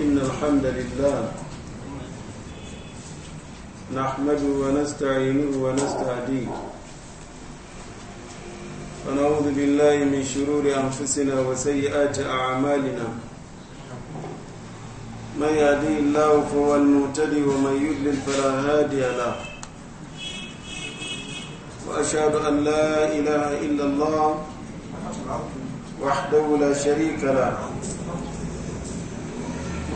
إن الحمد لله نحمده ونستعينه ونستهديه ونعوذ بالله من شرور أنفسنا وسيئات أعمالنا من يهديه الله فهو المهتدي ومن يضلل فلا هادي له وأشهد أن لا إله إلا الله وحده لا شريك له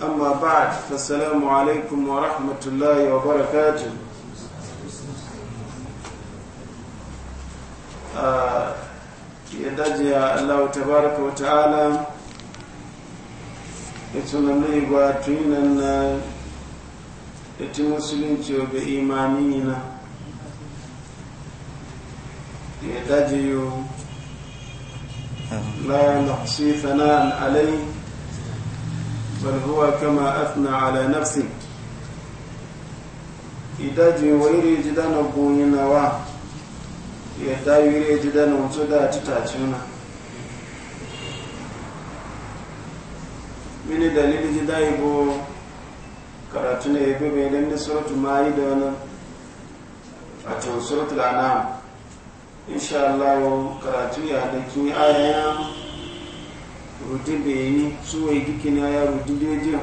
amma ba'd assalamu alaikum wa rahmatullahi wa barakatuh wa ta'ala ya ti musulunci ga imani na sana'an alaikum بل هو كما أثنى على نفسه idaji wairi jida na goyi na wa ya dawire jida na wato da titace na mini dalilin jida ibo karatu ne ya bebe don da suratu mayi da wani a can suratu da nan insha Allah karatu ya da kin ayayen rute beyini suwa yi dukina ya rute daidai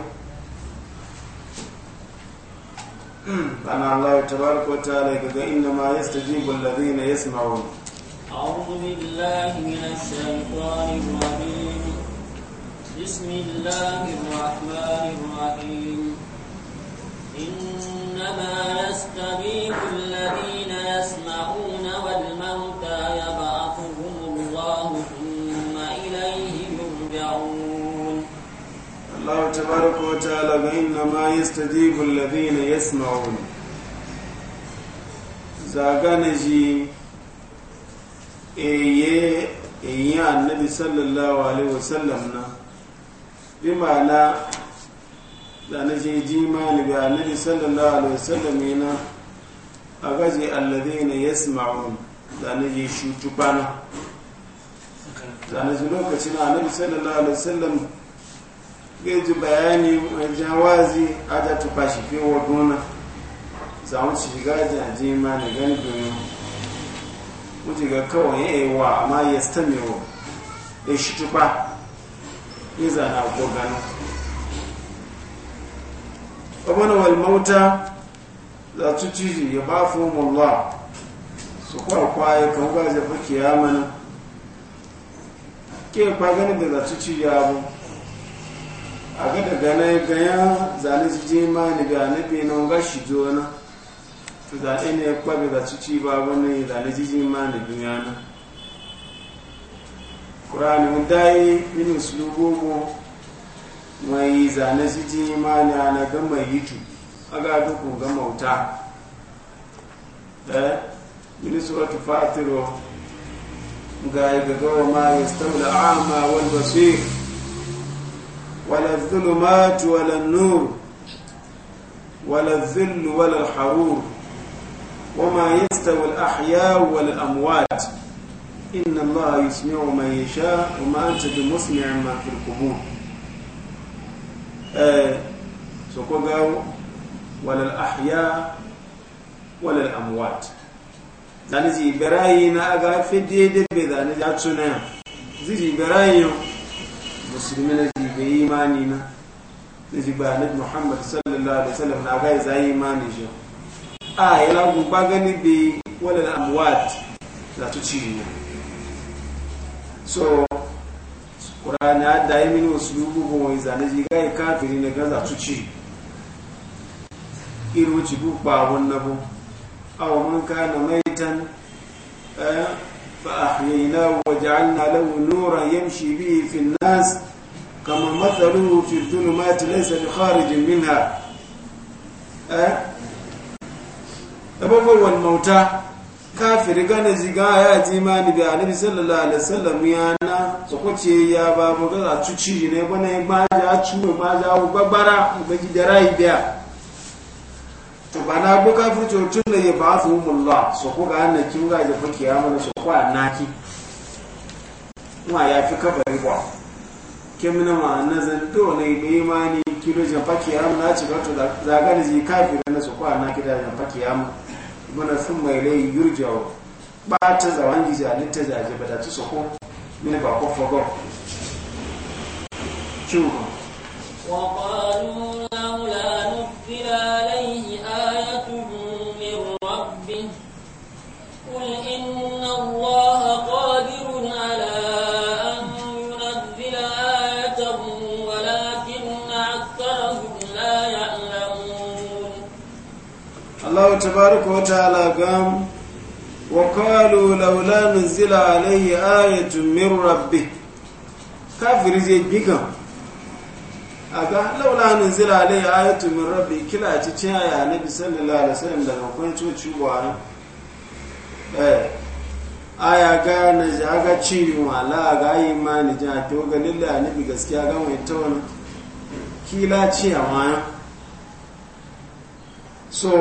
hmm, ana Allah ya tabaraka wa ta'ala ga inna ma yastajibu alladhina yasma'un أعوذ بالله من الشيطان الرجيم بسم الله الرحمن الرحيم إنما يستجيب الذين تبارك وتعالى إنما يستجيب الذين يسمعون زاغانجي eye eyin annabi sallallahu alaihi wasallam na bi ma'ana da na je ji mani bi annabi sallallahu alaihi na a gaji alladhina yasma'un da na je shutu bana da na je lokacin annabi sallallahu alaihi wasallam geji bayani wajen wazi a da tufa shi fi wa gona za mu ci shiga jaje ma na gani domin mu shiga kawai ya yi wa amma ya stame wa ya shi tufa ya zana ko gano ƙwamana wal mauta za su ci ciji ya ba fi mullah su kwarkwaye kan gaje fa kiyamana? na ke kwa ganin da za su ci ciji abu a ga daga na ganya zane su je ma ni ga na bi na ga shi zo na to da ne kwa bi za su ci ba wani zane su je ma ni duniya na qur'ani mun dai min uslubu mu mai zane su je ma ni ana ga mai yitu aga duku ga mauta eh min suratu fatiro ga ga ga ma yastawla ama wal basir ولا الظلمات ولا النور ولا الذل ولا الحرور وما يستوي الأحياء ولا الأموات إن الله يسمع من يشاء وما أنت بمسمع ما في القبور آه، سوكوغاو ولا الأحياء ولا الأموات zani zi berayi na aga دي daidai bai zani زي براينا مسلمين yi imani na na ji na muhammad sallallahu alaihi wasallam na ga za yi imani shi a yi lagu ba gani bi wala da amuwat za tu ci ne so qur'ani a da yi mini usulubu ko wani za na ji ga kafiri na ga za tu ci iru ci bu ba wannan bu a man kana maitan na وجعلنا له نورا يمشي yamshi biyu الناس kama mathaluhu fi dhulumati laysa bi kharijin minha eh abun wal mauta kafiri gane jiga ya ji imani bi annabi sallallahu alaihi wasallam ya na so ko ce ya ba mu ga cuci ne bana ba ja cu ba ja u babara ga ji darai biya to bana bu kafiri to tun ne ba su mullah so ko ga annaki ga ji fa kiyama so ko annaki wa ya fi kabari ba kemna ma na zanto na ibe ni kilo ja paki mu na ci gato za ga ji kafir na su kwa na kida ja paki mu mana sun mai rai yurjawo ba ta zawan ji ja litta ja je bata ci soko ne ba ko fogo chu وقالوا لولا نزل عليه الله تبارك وتعالى قام وقالوا لولا نزل عليه آية من ربه كافر زي بيكا aga laula nunzila alai ayatu min rabbi kila ci ce ya nabi sallallahu alaihi wasallam daga kun coci wa eh, aya ga na ja ga ci wala ga imani ja to ga lillahi nabi gaskiya ga mai ta wani kila ci amma so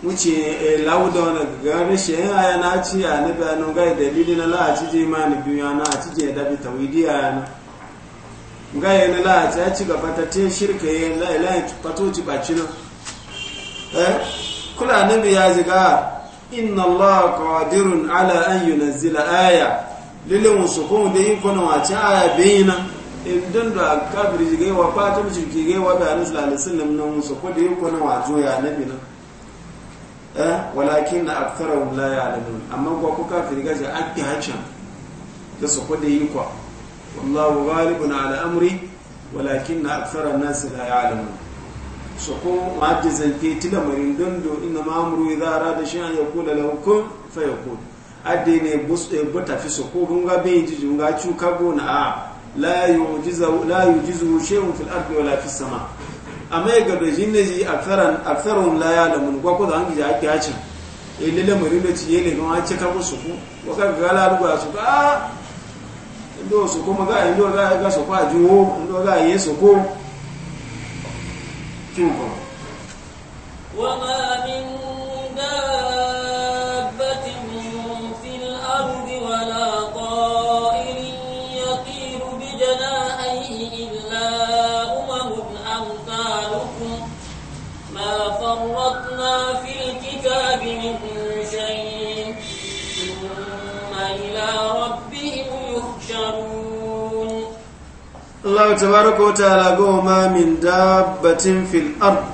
e lauda wani gari shi yin aya na ci a nabi a nun gai dalili na la'aci je ma ni biyu yana a ci je dabi tawidi a yana gai na la'aci ya ci gaba ta te shirka yin la'ilayin fato ci baci na eh, kula nabi ya ziga inna allah qadirun ala an zila aya lilin musu kun da yin kuna wace aya na? idan da kabiri gai wa fatan shirki gai wa bayanin sallallahu na musu nan wasu kun da yin kuna wajo ya nabi nan Eh? walakin na aktarahum la alamu amma ko kuka kafiri gaji an ki hancin da su kwada yi kwa wallahu galibu na al'amuri walakin na aktara an-nas la ya'lamun so ko don do ina ma'amuru ya za a arada shay'an yaqulu lahu da fayakun ade ne bus ya eh, bota fi su ko gunga be jiji gunga chu kago na a la yujizu la yujizu shay'un fil ardi wala fi sama' amma ya gado shi ne shi aksaran aksarun la da mulkwa ko da hangi gija ake hacin ya lele muri ne ci ne kuma ce kafin ko suku ko ka ga la ruwa su ka ah! ndo su ko inda ndo ga ga su kwa juwo inda ga yesu yi kin ko wa Allah tabaraka wa ta'ala go min dabbatin fil ard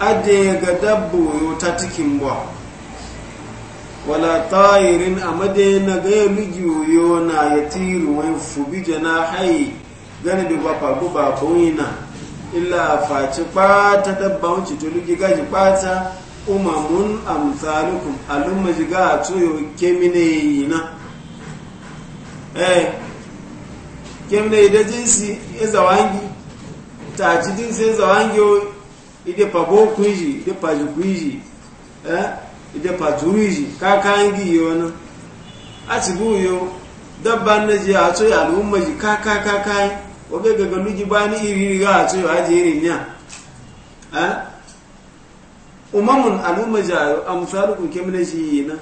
ade ga dabbu ta tikin ba wala tayirin amade na ga miji yo na yatiru wa fubi janahi gane bi bapa go ba illa faci pata dabba wuce to lugi gaji pata umamun amsalukum alumma jiga to yo kemine yina eh kemne ida jinsi ya wangi ta ci jinsi ya zawangi o ide pabo kuiji ide paju kuiji eh ide pajuruiji kakangi yono ati buyo dabban na je a tsoye al'umma ji kaka kaka wabe gaga luji ba ni iri riga a tsoye a iri niya eh umamun al'umma ji a amsalu kun kemne shi yi na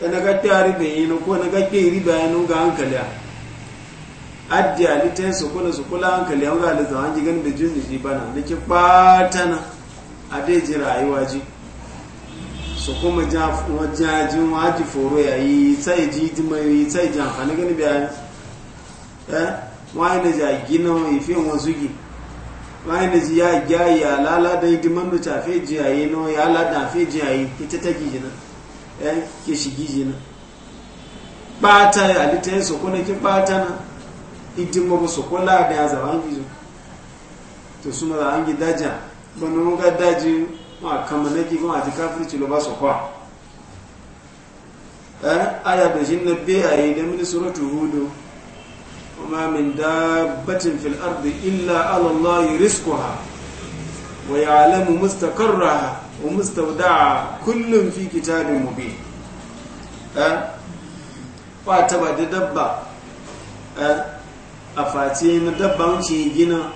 ta na ga tari da yi ko na ga ke riba ya nuga hankali a addiya ni ta kula su sokola hankali an ga da ji ganin da jin da ji bana da ki na a dai ji rayuwa ji su kuma jajin waji foro ya yi sai ji mai yi sai ji amfani gani biya eh wani na a gina mai fi wasu gi wani na ji ya gya ya lala da yi diman da tafe ji a yi no ya lada fi ji a yi ita ta gi jina eh ke shigi jina bata ya litan su ke ki na itin mabu su kula da ya zaba angi zo to su ma angi daja ba na nuka daji ma kama na ki kuma a ci lo su kwa eh aya da shi na biya yi da mini suratu hudu kuma min dabbatin fil ardi illa ala allah rizquha wa ya'lamu mustaqarraha wa mustawda'a kullun fi kitabin mubin eh ba ta ba dabba eh, a fati na dabban ce gina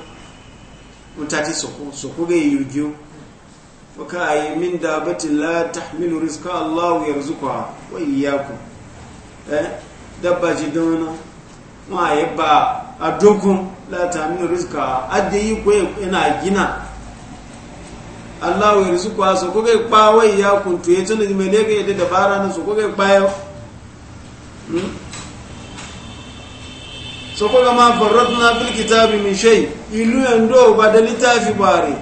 mutati soko soko ga yugiyo wa ka yi min dabatin la tahmilu riska Allahu ya rizuka wa iyyakum eh dabba ji dona ma ya ba a dokun la tahmilu rizqa adayi ko yana gina Allahu ya rizuka soko ga ba wa iyyakum to yace ne dabara na soko ga ba yau hmm? so ko ma farratna fil kitabi min shay ilu ndo ba da littafi bare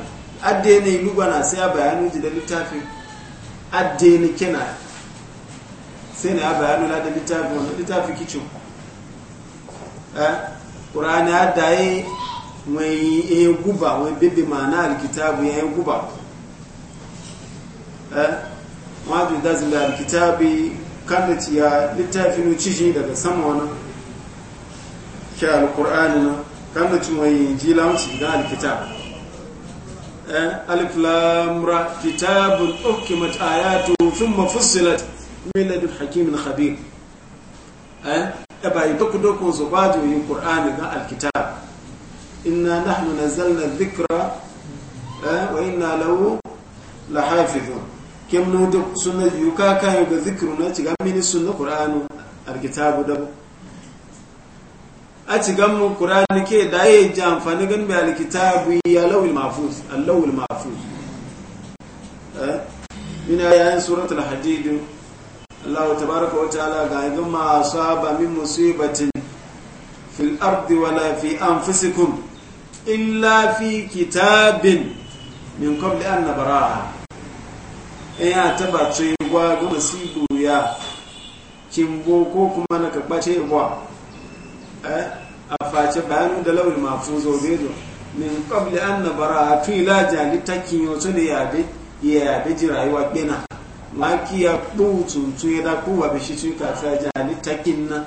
adde ne ilu bana sai a bayanu ji da littafi adde ne kina sai ne a bayanu da littafi wannan littafi kicu eh qur'ani adda yi mai e guba wai bibbi mana alkitabu ya yi e guba eh ma bi da zila alkitabi kan da ya littafi no ciji daga sama wannan ke alkur'ani na kan da cin wani ji launci ga alkitab eh, alif lam ra kitabun uhkimat ayatu thumma fussilat min ladun hakimin khabir eh e ba yi doku doku zo ba da yin qur'ani ga alkitab inna nahnu nazzalna dhikra eh, wa inna lahu lahafizun kim no da sunna yuka kan ga zikiru na ci ga mini sunna qur'anu alkitabu da a cigan mu qur'ani ke da ya ji amfani gan bi alkitabu ya lawul mafus allawil mahfuz eh? ina yayin suratul hadid Allah baraka wa ta'ala ga gan ma asaba min musibatin fil ardi wala fi anfusikum illa fi kitabin min qabli an nabara eh, ya taba ce gwa ga masibu ya kimbo ko kuma na kabace gwa Eh? a face bayan da lawul mafuzo bezo min qabli an nabara tu ila jali takin yo to da yabe yabe ji rayuwa kena ma ki ya bu tuntu ya da ku wa bishi tun ka ta takin na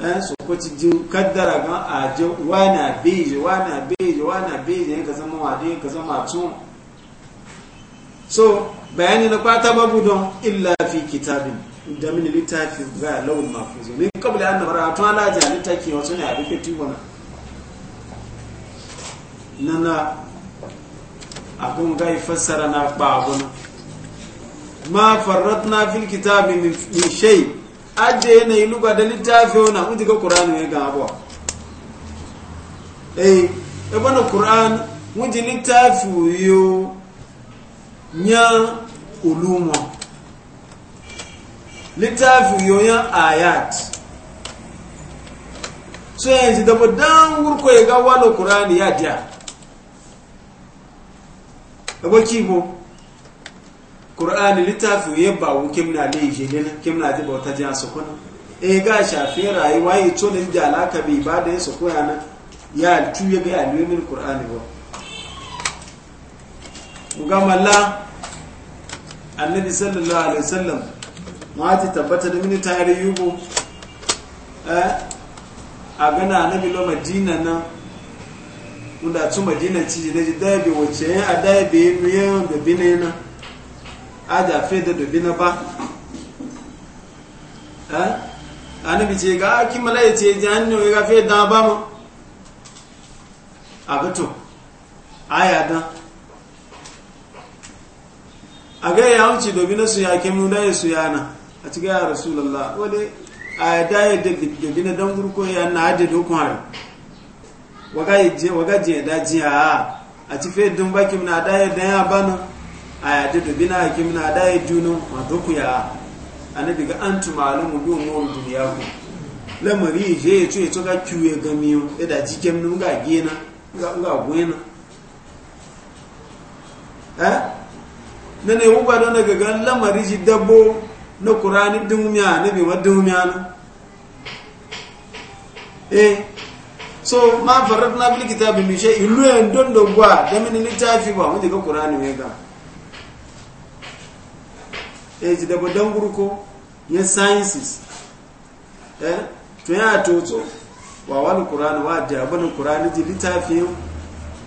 eh so ko ti jin kaddara ga a je wana beje wana beje wana beje ka zama wa dai ka zama tun so bayani na kwata babu don illa fi kitabin da mini littafi za a lawul mafuzo ni kabla an nabara to ala ja littafi wasu ne a rufe tibona nana akun gai fassara na babuna ma farratna fil kitabi min shay adde yana luga da littafi wannan kun diga qur'ani ne ga abuwa eh e bana qur'an mun ji littafi yo nya uluma littafin yoyon ayat so yanzu da badan wurko ya ga wani kurani ya diya da ba bo kurani littafin ya ba wu kimna ne ya shege na kimna ta bauta jiya su kuna e ga shafi rayuwa ya co da jiya alaka bai ba da ya su koya na ya tu ya ga alimin kurani ba gamala annabi sallallahu alaihi wasallam wati tabbata da mini tare eh, yugo a gana na bilo madina na wanda su madina ci ne ji da bi wace a da bi miye da bine na a da fe da na ba eh annabi ce ga ki malaye ce jahannu ga fe da ba mu a a ya dan a ga ya wuce na su ya kemu da su na. a cikin ya rasulallah wani a ya daya da gina don gurko ya na hajji da hukumar wagaji ya daji a a ci fe dun baki muna daya da ya bana a ya da dubi na haki muna daya junan wato ku ya a na daga an tuma alamu biyun mawar duniya ku lamari je ya ce ya kiwe gami ya da jikin nun ga gena ga gwena eh nane wuba don daga gan lamari ji dabo na kurani dumiya na bi madumiya na eh so ma farrafna bil kitabi min shay ilu en don do gwa da min litafi ba mun daga kurani ne ga eh ji da bodan gurko ya sciences eh to ya toto wa wani kurani wa da abin kurani ji litafi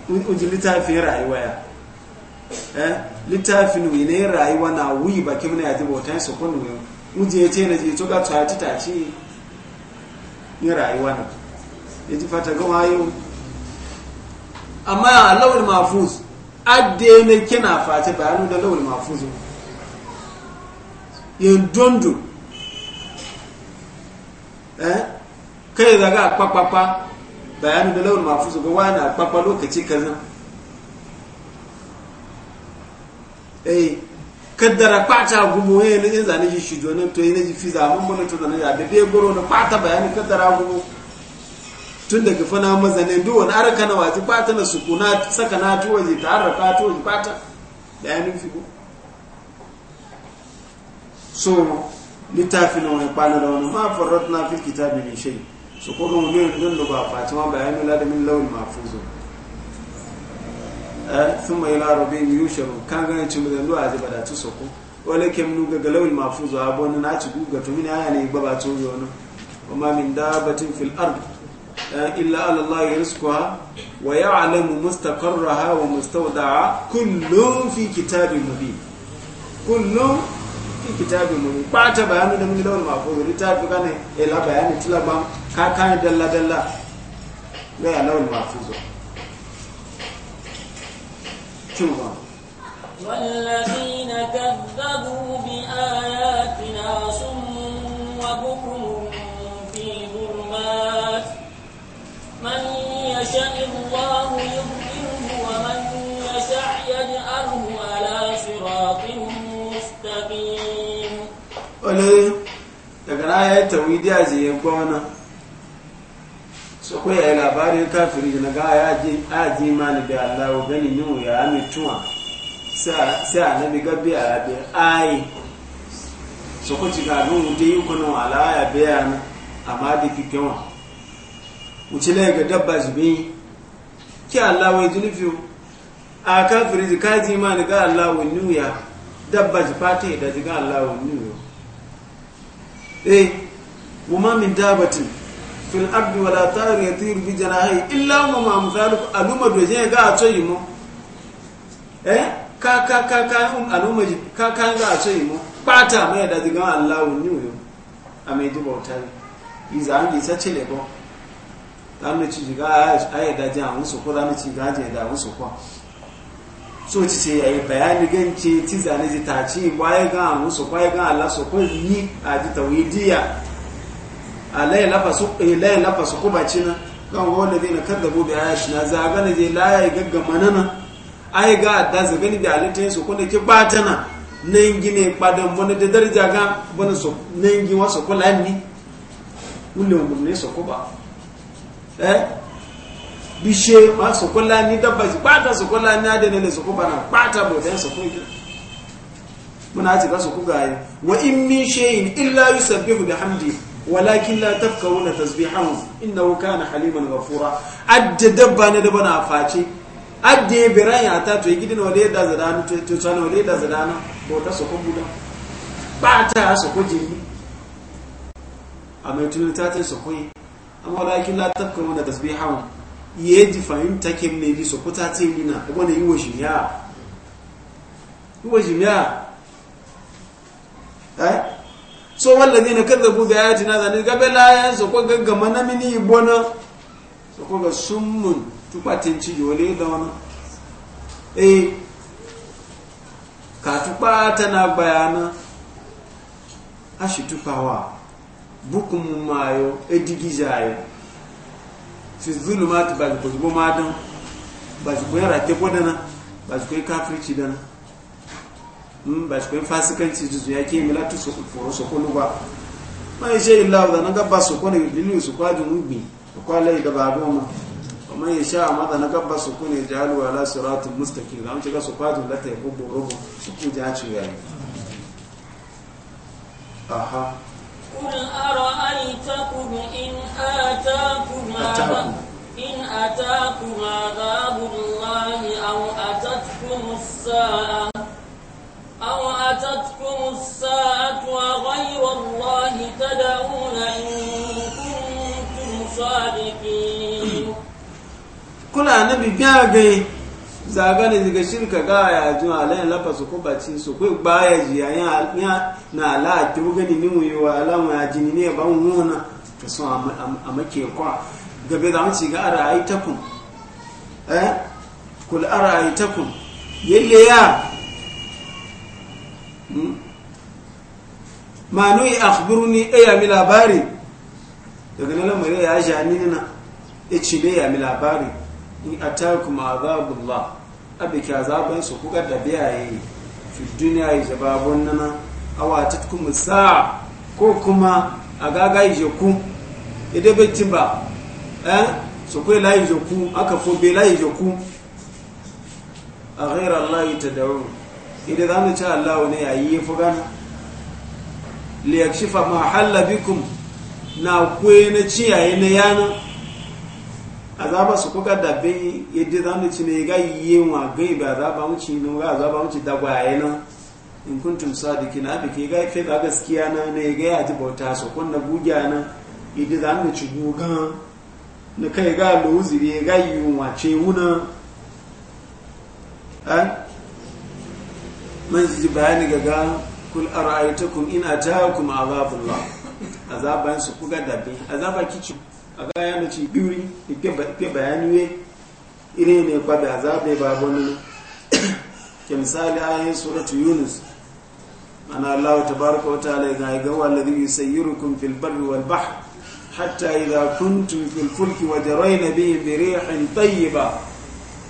uji litafi rayuwa ya Eh? littafin wine rayuwa na wuyi ba kim na yaji bautan su kun ne muje ya ce na je to ga ta ci ta ci ni rayuwa na ya ji fata gama yi amma a lawul mafuz adde ne kina fata bayanu da lawul mafuz yin dondo eh kai daga kpakpakpa bayanu da lawul mafuz ga wani kpakpa lokaci kazan eh kaddara kwata gumu eh ne zane ji shi jonan to na ji fiza mun mun to zane da be goro na kwata bayani kaddara gumu tun daga fana mazane duk wani arka na waje kwata na sukuna saka na tuwa ji ta haraka tuwa ji kwata bayanin fi so na wani kwana da wani ma farrat na fi kitabi min shai su kuma ga mu ne da ba fatima bayanin ladamin lawul mahfuzun sun eh, mai larabin yusharu kan ganin cin da luwa ji bada tu soko wale ke mun ga galawil mafuzu abon na ci guga to min aya ne baba to yo no amma min dabatin fil ard eh, illa ala allah yarzuquha wa ya'lamu mustaqarraha wa mustawda'a kullun fi kitabin mubin kullun fi kitabin mubin ba ta bayanu da mun lawal mafuzu litafi kana ila bayani tilaba ka kan dalla dalla ga lawal mafuzu شوفا والذين كذبوا بآياتنا صم وبكم في ظلمات من يشاء الله يضلله ومن يشاء يجعله على صراط مستقيم daga na ya yi tawidi a jiye gwana so ko ya labarin kafiri na ga ya ji ni da Allah gani ni ya mituwa sai annabi gabi a rabe ai so ko ti ga nun de yi no ala ya bayan amma da u ti la ga dabba zubi ki Allah wai jinifi a kafiri ka ji ni ga Allah wa ya dabba ji fata da ji ga Allah wa yo eh wuma min dabatin fil abdi wala ta'ir yatir bi janahi illa ma ma aluma doje ga ato eh ka ka ka ka um aluma ji ka ga ato yimo pata me da diga Allah ni yo ame ji bauta iza an isa chele bo ci ga ay da ja an su ko dan ci ga je da so ci ce bayani ci zane ji ta ci waye ga an su ko ga Allah ko ni a layin lafa su kuba ci na kan wanda zai na kaddabu da ya shi na zagana je laye gaggama nana ai ga da zagani da halittar su kuna ki bata na nan gine kpadan wani da darja ga wani su nan gi wasu kula ni wule umarni su kuba eh bishe ma su kula ni dabba ji bata su kula ni adana su kuba na bata bautan su kuba muna ci ga su kuga yi wa in min shay'in illa yusabbihu bihamdihi walakin la tafkawuna tasbihahum innahu kana haliman ghafura adda dabba ne dabba na face adda ya biran ya ta to gidin wale da zadana to to sana wale da zadana bauta su ko ba ta su ko jiri amma tun ta ta su amma walakin la tafkawuna tasbihahum yeji fahimta kem ne bi su ta ce mina ko ne yiwo shi so wallazi na kazzabu da ayati na zani gabe layan so ko gama na mini ibona so ko ga summun tupatin ci yole da wani eh ka tupa tana bayana ashi tupawa bukumu mayo edigijayo fi zulumati ba ko ma dan ba ko yara ke dana ba ko kafirci dana ba shi kun fasikanci jizu ya ke mila tu foro su ba ma yi shi illa da na gaba su kone lili su kwajin ubi su kwalai da ba goma wa ma yi sha a mata na gaba su kone jalu ala suratun mustaqim da an ga su kwajin lata ya kubo robo su ku ja ci ya yi aha قل أرأيتكم إن آتاكم إن أتاكم عذاب الله أو أتتكم الساعة أو أتتكم الساعة وغير الله تدعون إن كنتم صادقين كل نبي بياغي zagane daga shirka ga ya ji alayin lafa su ko ci su ko ba ya ji yayin ya na ala ki gani ni mu wa alamu ya ji ne ba mu wona ta sun a make kwa gabe za mu ci ga ara'aitakum eh kul ara'aitakum yalle ya manu yi akhbiruni eh, ya mi labari daga nan lamari ya ja ni na ya ci ne ya mi labari in atakum azabullah abiki azaban su kuka da biyaye fi duniya yi jababun nana awa tatkum sa ko kuma a gaga yi ku idan bai ci ba eh su kai layi ku aka fo bai layi ku a ghairar layi ta da'un idan za mu ci Allah wani ya yi fi gana liyakshifa ma halla bikum na kwe na ci na yana a za ba su kuka dabe bai yadda za mu ci ne ga yi wa gai ba ba wuce ci ga za ba wuce dagwaye na in kuntum sadikin abi ke ga kai ga gaskiya na ne ga ya ji bauta su kun na buga na idan za mu ci gugan na kai ga ne ga yi wa ce wuna eh? man ji bayani gaga kul ara'aytakum in ataakum azabullah azaban su kuga dabi azaba kici aga ya mace biuri ike ike bayani we ire ne kwa da azabe ba wani ke misali ayin suratu yunus ana allah tabaraka wa ta'ala ga ga wallazi yusayyirukum fil barri wal bahr hatta idha kuntum fil fulki wa jarayna bi rihin tayyiba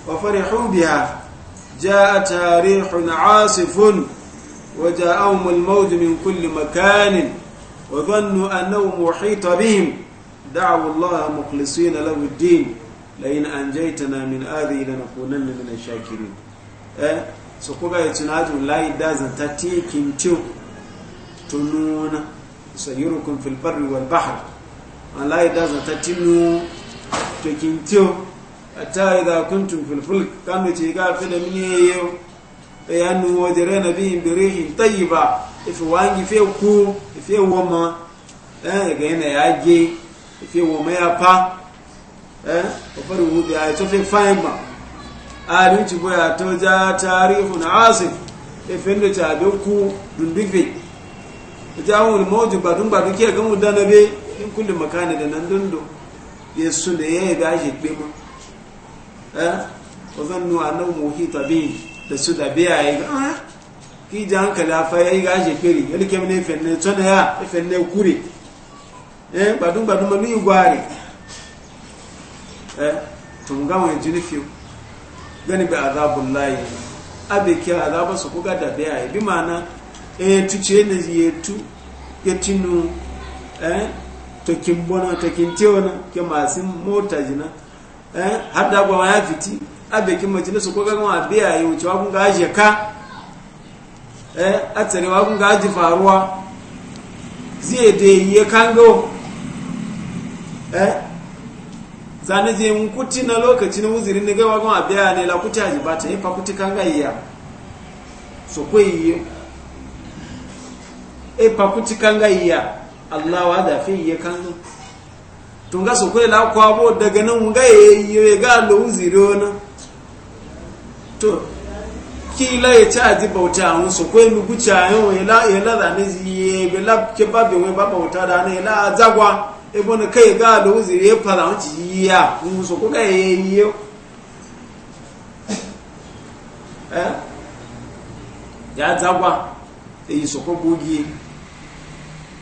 wa farihu biha جاءتها ريح عاصف وجاءهم الموت من كل مكان وظنوا أنه محيط بهم دعوا الله مخلصين له الدين لئن أنجيتنا من هذه لنكونن من الشاكرين eh so ko ga tunatu lai dazan ta tikin tu tununa sayurukum fil barri wal bahr lai dazan ta tinu tikin tu hatta idha kuntum fil fulk kan ce ga fi da mini yayo e eh, anu wajere na bi birihin tayyiba if wangi fe ku fe woma eh ga yana yaje fe woma ya pa eh ofaru wu bi ayo fe faima ari ci ya to ja tarihun asif e fendo ta be ku dundife jawul mawju badun badun ke ga mu danabe in kullu makana da nan dundo yesu da yayi gashi kpema wazannu annahu muhita bi da su da biya yi ga ah, ki ji hankali afa ya yi ga aje kiri yadda kemi ne ife ne tsada ya ife ne kure eh gbadun gbadun ma ni gwari eh tun gawon wani jini fiyo gani bi azabun layi abe ki azabun su kuka da biya yi bi mana eh tuce ne ya tu ya tinu eh tokin bona tokin tewa na ke masu mota jina eh har da gwa ya fiti abekin majalisu ko ga ma biya yi wuce wa kun ga aje ka eh atsare wa kun aje faruwa zai da yi kango eh zane je mun kuti na lokacin uzirin ne ga wa kuma biya ne la kuti aje ba ta yi fa kanga iya so ko yi e fa kuti kanga iya Allah da fi yi kango tunga su kwela kwabo daga nan ga yayi ga lo ziro na to kila ya ta bauta mun su kwai mu guca yau ila ila da ne ye be lab ke ba be ba bauta da ne ila zagwa e bona kai ga lo zire fara mun ci ya mun su ko ga yayi eh ya zagwa e su ko bugi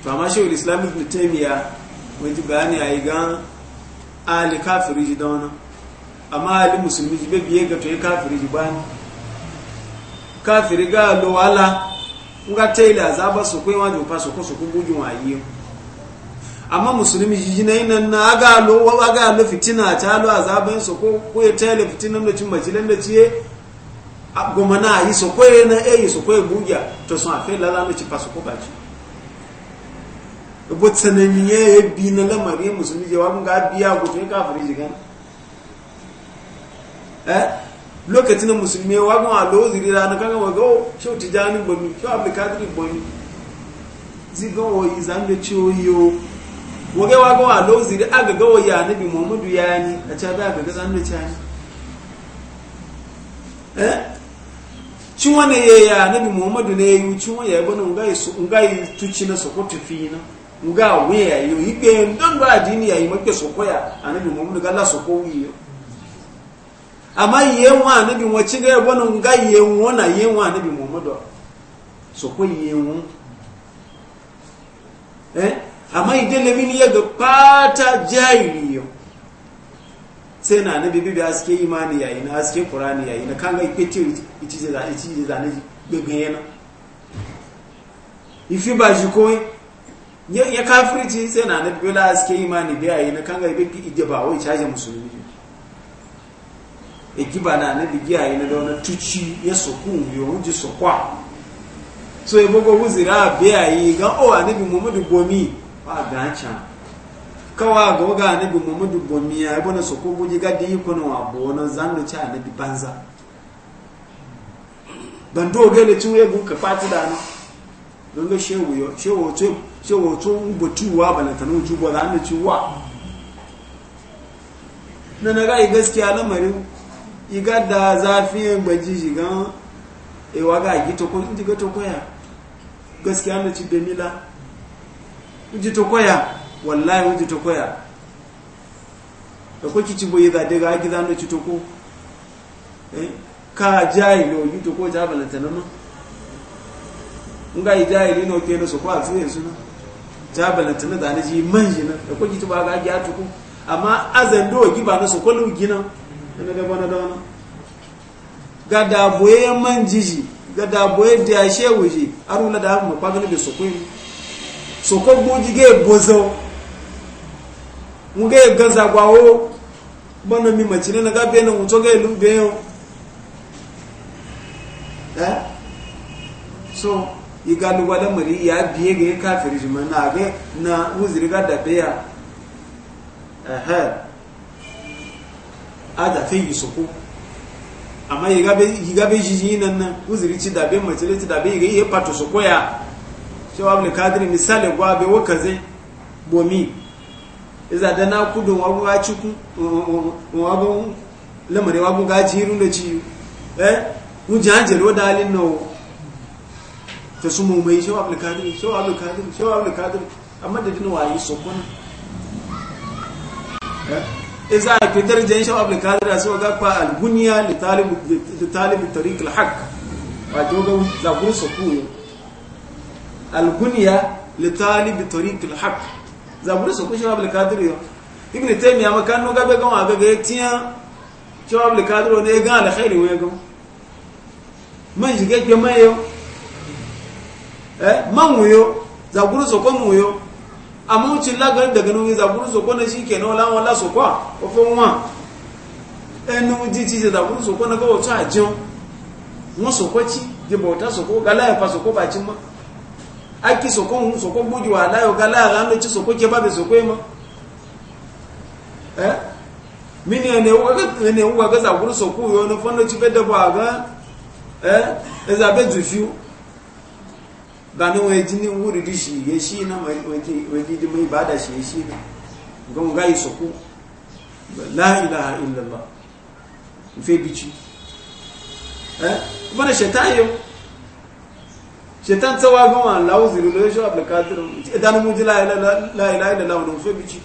to amma shi islam ibn taymiya wajen bayani a yi gan ali kafiri ji da wani amma ali musulmi ji bai biye ga to yi kafiri ji ba kafiri ga lo wala nga taila za ba su kai wajen fa su ko su gujin wayi amma musulmi ji ji nan nan na ga lo wa ga lo fitina ta lo azaban su ko ko taila fitinan da cin majilan da ciye gomana yi su ko na e yi su ko bugya to sun afi lala no ci fa su ko ba bo tsanani ya bi na lamari musulmi je wani ga biya gutu ya kafiri jiga eh lokacin da musulmi ya wagon a loziri da na kaga wago shau tijani gbami shau abdulkadir gbami zigan oyi zan da ciwo yiwo wage wagon a loziri aga gawa ya nabi muhammadu ya ni a ca da aga zan da cani eh cin wani ya ya nabi muhammadu ne ya yi cin wani ya yi bane ngai tuci na sokotu fi na nga wuya yayi yipe don ba yi yayi soko ya, anabi muhammadu galla soko wiyo amma yewa anabi wace ga yabonu nga yewa na yewa anabi muhammadu soko yewa eh amma idele mini ya ga pata jahiliyo sai na anabi bibi aske imani yayi na aske qur'ani yayi na kanga ipetir da da ne ifi ba ya kafirci sai na nabi bela aske imani biya yi na kanga ibe ije ba wai caje musulmi e kiba na nabi giya yi na da wani tuci ya soku yo wuji sokwa so e bogo wuzira biya yi ga o anabi muhammadu gomi ba ga can kawa ga ga anabi muhammadu gomi ya ibo na soku buji ga di ko na wabo na zanu cha anabi banza bando gele tun egu ka pati da no don ga shewu yo shewu to ṣe wọ́n tó ń bọ̀ tí wà balantana wuce bọ̀ za ci wa na na ga'i gaskiya lamarin iga da zafiyan gbaji shigan ewa ga igi to yi ji ga to gaskiya na ci bemila inji to koya wallahi uji to ya da kuki ci boye da daga agi zanu ci to ko eh ka jahili lo yi to ko ja balantana ma nga yi jahili no kenan su kwa tsaye suna ja balanta na zane ji man shi nan da kwaki tuba ga ya tuku amma azan do gi ba na so kullu gina na da bana da wana ga da boye man jiji ga da boye da shewu aru arula da mu kwa gani da so kun so ko ji ge bozo mu ge gaza gwawo bana mi macine na ga be mu to ge lu be yo eh so iganu wala mari ya biye ga ka jima na ga na uzuri ga da biya aha ada fe yi soko amma yigabe yigabe jiji nan nan uzuri ci da be macile ci da be ga yi su soko ya wa ne kadiri misali gwa be waka zai bomi iza da na kudin ku ga ciku lamare wa gwa ga ru da ci eh mun jihar jelo dalin nawo ta su mummai shewa abdulkadir shewa shi shewa abdulkadir amma da dina waye sokon eh iza fi darajar shewa abdulkadir sai ga fa al-bunya li talib li talib tariq al-haq wa jogo da gun sokuyo al-bunya li talib tariq al-haq za gun sokuyo shewa abdulkadir yo ibn taymiya makano gabe gan aga ga tiya shewa abdulkadir ne ga alkhairi we ga man jige ke mayo eh man wuyo zaguru soko mu wuyo amma uci lagar daga nuni zaburu soko na shi ke na wala wala soko ofin wa Enu eh, jíjí zaburu soko na gawo tún àjẹun wọn soko ci di bauta soko galaya fa soko ba ci ma aki soko hun soko gbójú wa láyọ galaya lánà ci soko ke bábẹ soko ma eh mini ẹni ẹwọ gẹ́gẹ́ zaguru soko yọ ní fọ́nà ci fẹ́ dẹ́bọ̀ àgán eh ẹzàbẹ́ jù fíu ganin wai jini wuri di shi ya shi na waje di mai bada shi ya shi na ga mu gayi soko la ilaha illallah fe bici eh bana shaitan yau shaitan tsawa ga wa Allah zuru lo shi abul kadir idan mu ji la ilaha illallah mu fe bici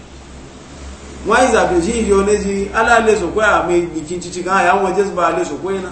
wai za be ji yo ne ji ala le soko ya mai dikin cici ga ya waje ba le soko yana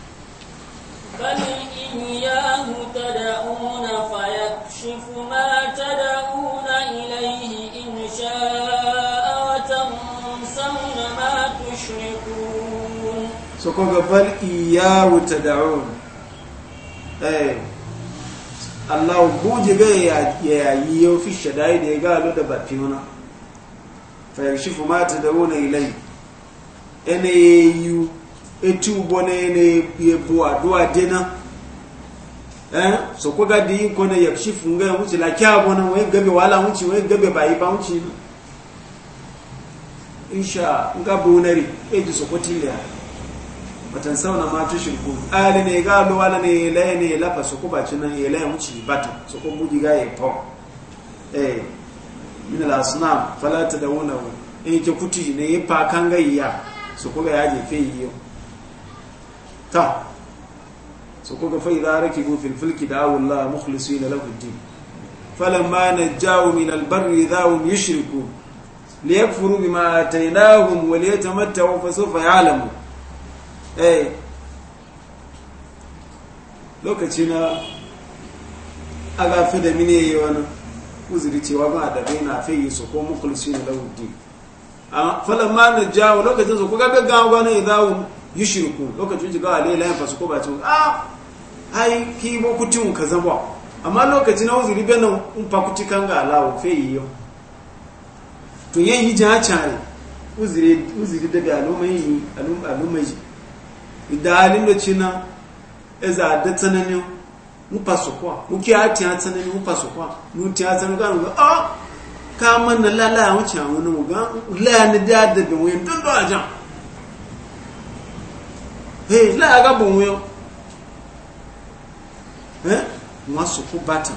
بل إياه تدعون فيكشف ما تدعون eh. Allah buje ga yayi yau fi shadai da ya galo da bafiyona fa yakshifu ma tadawuna ilai ene eti ugbo na ene yebu adua dena eh so ko di ko na yakshifu nga wuce la kya bona gabe wala wuce gabe bai ba wuci insha nga bonari eji so ko batan sauna ma ku ali ne ga lo wala ne le ne eh, la fa so ko ba cinan ele bata so ko ga e po eh min fala ke kuti ne pa ta so kuka fa idza rakibu fil fulki da'u Allah mukhlisina lahu ad-din falamma najjahu min al-barri idhahum yushrikun liyakfuru bima atainahum wa liyatamattahu fa sawfa ya'lamu eh lokaci na aga fi da mini yi wani uzuri cewa ba da bai na fai yi su ko mukhlisina lahu ad-din ah, falamma najjahu lokacin su kuka ga gawa ne idhahum yushiruku lokacin jiga alai la fasu ko ba ci a ah, ai ki bo kutin kaza ba amma lokacin na uzuri bena un pa kan ga alawo fe yiyo to yen yi ja chare uzuri uzuri daga alumai alum alumai idalin da cina eza da tsananin mu paso kwa mu ki ati atsanin mu paso kwa mu ti atsanin ga ah, a ka man na lalaya wuce wani mu ga la ni da da wani don do ajan hey na aga bonwe yo eh mwa suku bata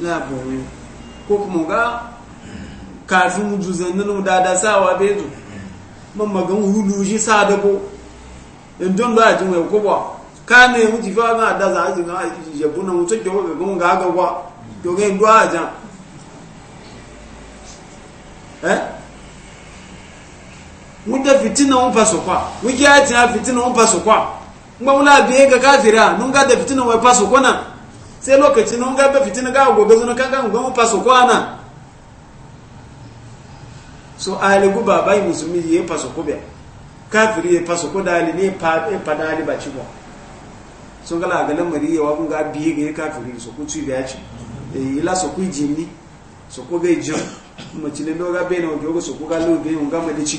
na bonwe ko kuma ga kafin mujuzan nan da da sawa bezo man magan hulu shi sa da ko in don da jin wai ko ba ka ne mu ti fa na da za ji na je buna mu to jowo ga ga ga wa to ga ndo aja eh wuda fitina mun faso kwa wiki ya tina fitina mun faso kwa ngba biye ga kafira nun ga da fitina mun faso na sai lokacin nunga ga ba fitina ga gobe zuna kan ga mun faso kwana so ali guba bai musulmi ye faso ko biya kafiri ye faso ko dali ne pa e pa dali ba ci ko so ga la ga lamari ye wa kun ga biye ga kafiri so ku ci biya ci e ila so ku jini so ko ga jin kuma cile do ga bene o jogo so ku ga lo be un ga ma de ci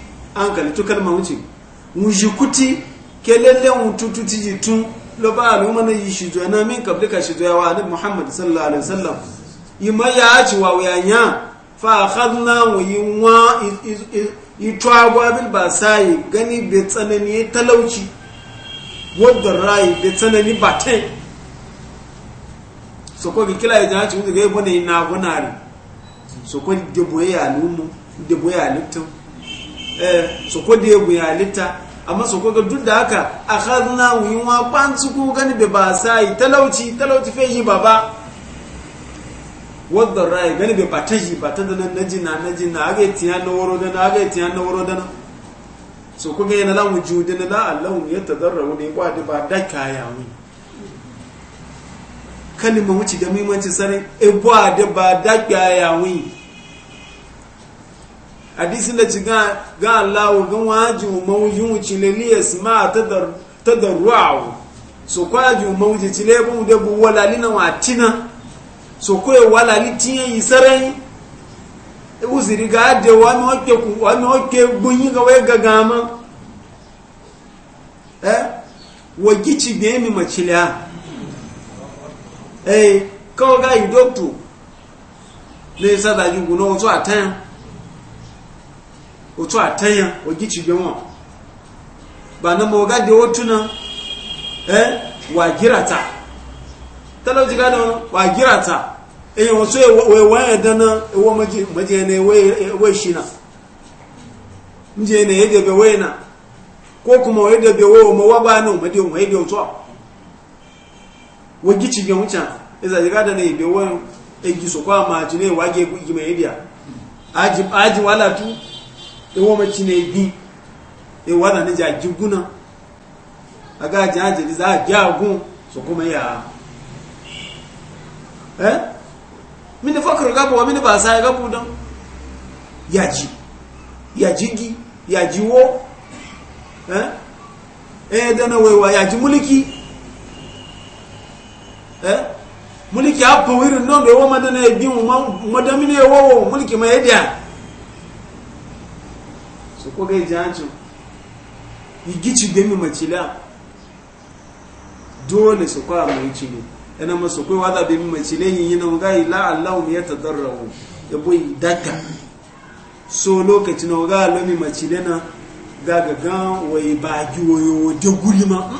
ankali kalitu ma wuce wuji kuti ke lallen wututu ji tun loba al'umma na yi shi zuwa na min ka shi zuwa wa annabi muhammad sallallahu alaihi wasallam ima ya ci wa nya fa wuyi wa yinwa gwa bil yi gani bi tsanani talauci wadda rai bi tsanani batai so ko bi kila ya ci wuce ga ibone na gunari so ko deboye alumu ya aliptun Eh, su ko da ya guya halitta amma su koga duk da haka a kazna wuyinwa kwanci ko gani bai ba sa yi talauci talauci fai yi ba ba wadda rai gani bai ba ta yi ba ta da nan na jina na jina aga yi tiyan na waro dana aga yi tiyan na waro dana su koga yana lamu wuju na la ya ta zarra wani ba da ba da kaya wani kalima wuce da muhimmanci sanin e a da ba da kaya wani hadisin da ci ga Allah ga waji mawujin wuci le liya sima ta da ru'awu so kwaji mawuji ci le bu da bu wala lina wa so ko e wala li tiyan yi sarai e uziri ga de wa mi oke ku wa mi oke gbunyi ga we gagama eh wa e gici e? be mi macila eh kawo ga yi doctor ne sa da jugu no so atan otu atanya ogichigbe wọn bana ma oga de otu na eh wa girata talo jiga no wa girata eyin otu we e, wa edan na ewo maji maji na e we we shina nje na yede be na ko kuma we de be we o mo wa ba na o mede o we de otu wo gichigbe wọn cha iza e jiga da na ibe won egi so kwa ma ji na wa ge igi me idia aji aji wala tu ewo mace ne bi ewa da na jaji guna a ga jajiri za a jagun su kuma ya eh mini fakar gaba wa mini ba sa ya gabu don yaji yajigi yajiwo eh eh dana waiwa yaji muliki? eh mulki abba wirin nan da yawa madana ya bi mu madamina ya wawo mulki ma ya kogai gai Yi gici gami macila dole su kwa mai cile yana masu kai wada da mi macile yin yi na gai la allahum ya tadarrahu ya boyi daga so lokaci na ga lomi macile na ga ga ga wai ba giwoyo wayo da guri ma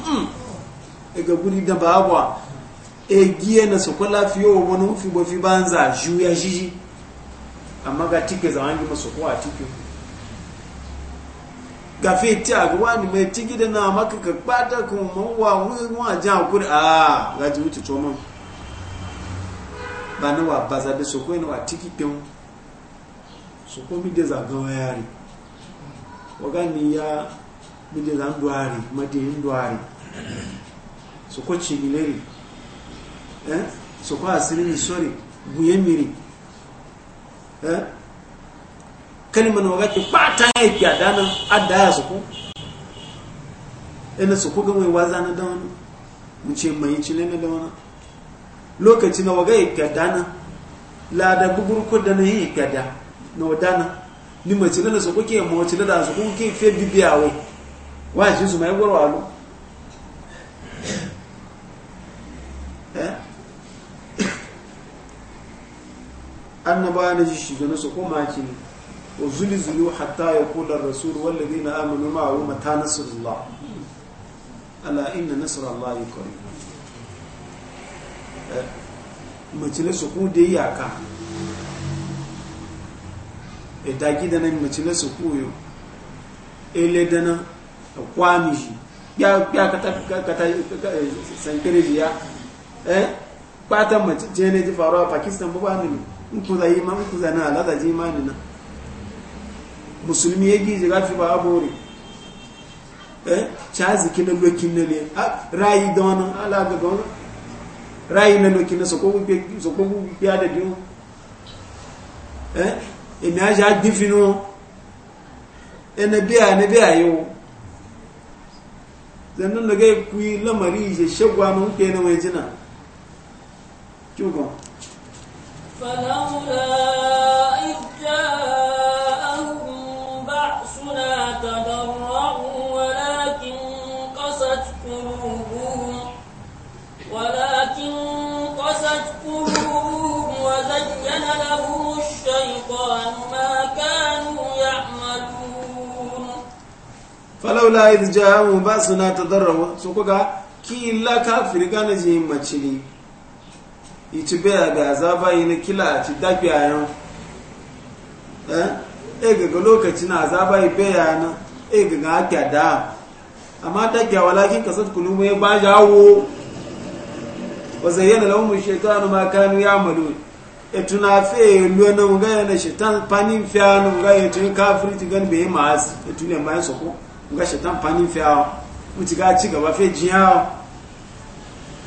e ga guri da babwa e giye na su kula fiyo wani fi ba fi banza juya jiji amma ga tike za an yi masu a tike gafe ti agwa ni mai ti gida na maka ka kpata kuma man ah, wa wuri wa jan kuri a ga ji wuce to man ba na wa baza da sokoi na wa tiki pin sokoi mi de zaga wa yari waga ni ya mi de zan duari ma de yin duari sokoi chigileri eh sokoi asiri ni sori buye miri eh kalmar waga ki bata ya ki adana adda ya su ku ina su ku ga mai waza na da wani mu ce mai cile na da wani lokaci na waga ya ki adana lada bugurku da na yi ki adana na wadana ni mai cile na su ku ke wace da su ku ke fe bibiya wai wa shi su mai gwarwa alu eh? annaba na ji shi ga na su ku maki ne وزلزلوا حتى يقول الرسول والذين آمنوا معه متى نصر الله ألا إن نصر الله قريب macile su ku da iyaka su ku ya kata kata sankere biya eh kwata faruwa pakistan ba ba ne in ku zai ma in na alada musulmi ya gizi ba eh lokin ne ah, rayi da wannan ala ah, ga rayi na lokin bi bi ya da dio eh ina ja difino ina eh, biya ne biya yo ku yi lamari ya shagwa mun kyugo falaula الشيطان ما كانوا يعملون فلولا إذ جاءهم بأسنا تضروا سوكوكا kila kafiri gane ji macili ci bea ga azaba yi na kila ci dafi a yau eh gaga lokaci na azaba yi bea na eh gaga aka da amma ta a walakin kasar kunu mai ba jawo wa zayyana lahum shaytanu ma kanu ya'malun etuna fe elu na mga na shetan pani fe anu mga ya tuni kafiri ti gani bai maasi etuni ma soko mga shetan pani fe muti ga ci gaba fe jiya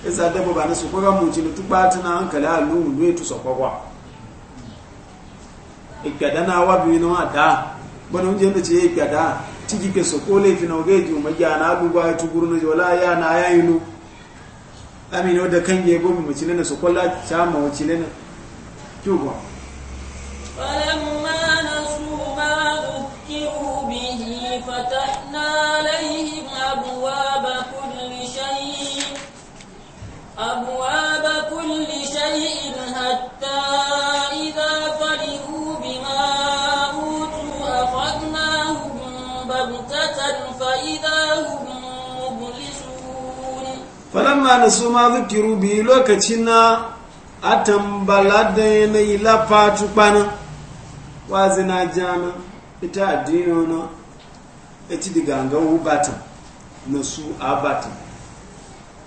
esa dabo ba na soko ga muti na tukpa ta na hankali a lu lu etu soko kwa ikada na awa bi na ada bana unje na ce ikada tigi ke soko le fi na oge ji umaja na abu ba tu guru na jola ya na ya yinu amini da kan ge gomi muti na soko la mu, ma kí o bọ̀. falamma nasu ma dhukiru bihi fatahna alayhim abwaba kulli hatta ma lokacin na atambala dana ila fatu kpana wazi na jana ita addini na ita diganga wu bata na su a bata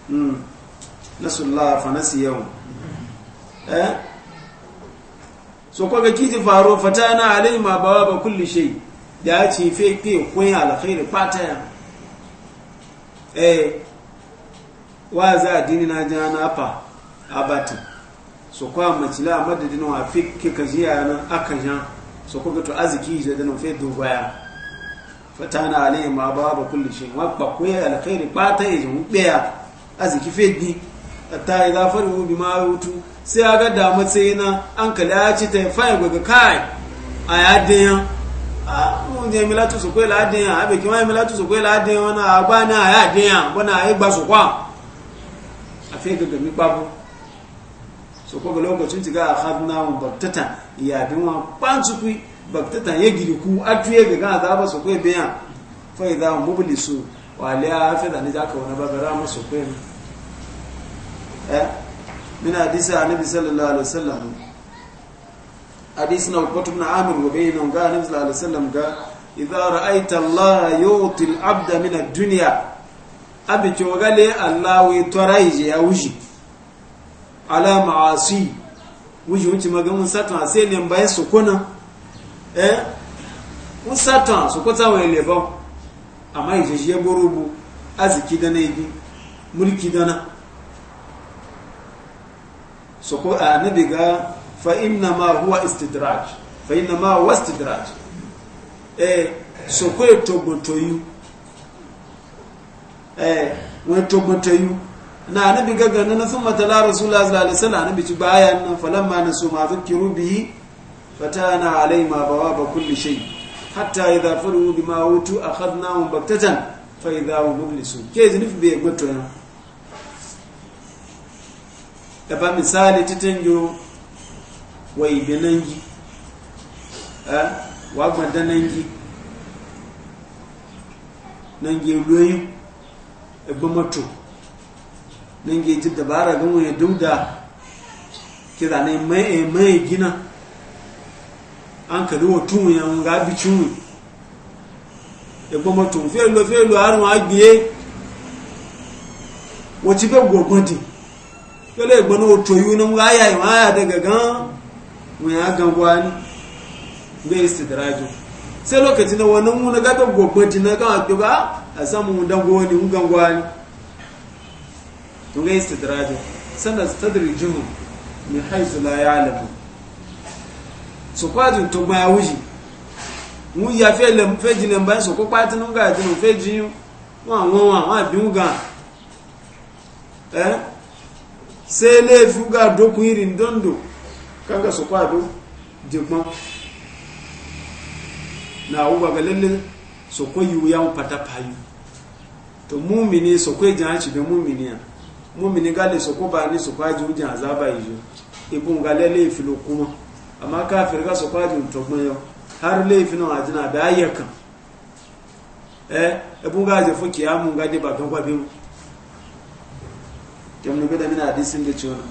mm. na su lafa na su eh so ga kiti faro fata na alai ma bawa ba kulli shay da ya ce fe fe kun alkhairi fata ya eh wazi addini na jana fa a so kwa macila madadin wa fi kika jiya nan aka jan so kuka to aziki je da nan fe dubaya fatana alayhi ma ba babu kulli shay wa bakwai alkhairi bata yajin biya aziki fe di ta yi idza faru bima yutu sai aga da matsayi na an kala ci ta fa ga kai a ya yadin a mun je milatu so kwela adin a be ki ma milatu so kwela adin wana agba na ya adin wana ai gba so kwa afi ga ga mi babu so ko lokacin ci ga akhadna wa baktatan ya bi wa pansu ku baktatan ya gidi ku atuye ga ga ba su kai biya fa idha mublisu wa la fi da ni za ka wani babara musu ku eh min hadisi annabi sallallahu alaihi wasallam hadisi na ukbatu na amir wa bayyana ga annabi sallallahu alaihi wasallam ga idha ra'aita allah yuti al-abda min ad-dunya abi chogale allah wi toraije ya wuji ala ma'asi wuji wuce magamun satan sai ne bayan su kuna eh un satan su kwata wa leba amma ya jeje borubu aziki da na yi mulki dana su ko a nabi ga fa inna ma huwa istidraj fa inna ma huwa istidraj eh su ko to gotoyu eh wani to gotoyu na anabi gaggana na sun matala rasulullah sallallahu alaihi wasallam anabi ci bayan nan falamma nasu ma zukiru bihi fatana bawa ba kulli shay hatta idha furu bima utu akhadnahum baktatan fa idha hum mublisun ke zini fi be goto na da ba misali titanjo wai benangi eh wa gmadanangi nangi loyin egbomoto nan ji dabara ga mu dum da kira ne mai eh, mai gina an ka duwa tun ya ga bi tun e gbo mo tun fe lo fe lo arun agbe wo ti be gbogbon di yo le gbo no to yu no ga ya ma ya daga gan mu ya gan gwani be istidrajo sai lokacin da wannan mu na ga gbogbon di na ga ba a samu dan gwani mu gan gwani tunga istidrajo sannan tadrijuhum min haythu la ya'lamu so kwaju to gba wuji mu ya fe le fe ji le mba so ko pa tinu ga tinu fe ji won won won won bi won eh se le fu do kun iri ndondo kanga so kwadu jigbon na uba ga lalle so ko yu ya pata payu to mumini so ko jan ci be mumini ya mumini gale soko ba ni soko aji ujin azaba ijo ibun gale le ifilo kuma amma kafir ga soko aji togbon yo har le ifino ajina da ayyaka eh ibun ga je fuki amun ga de ba kan kwabe da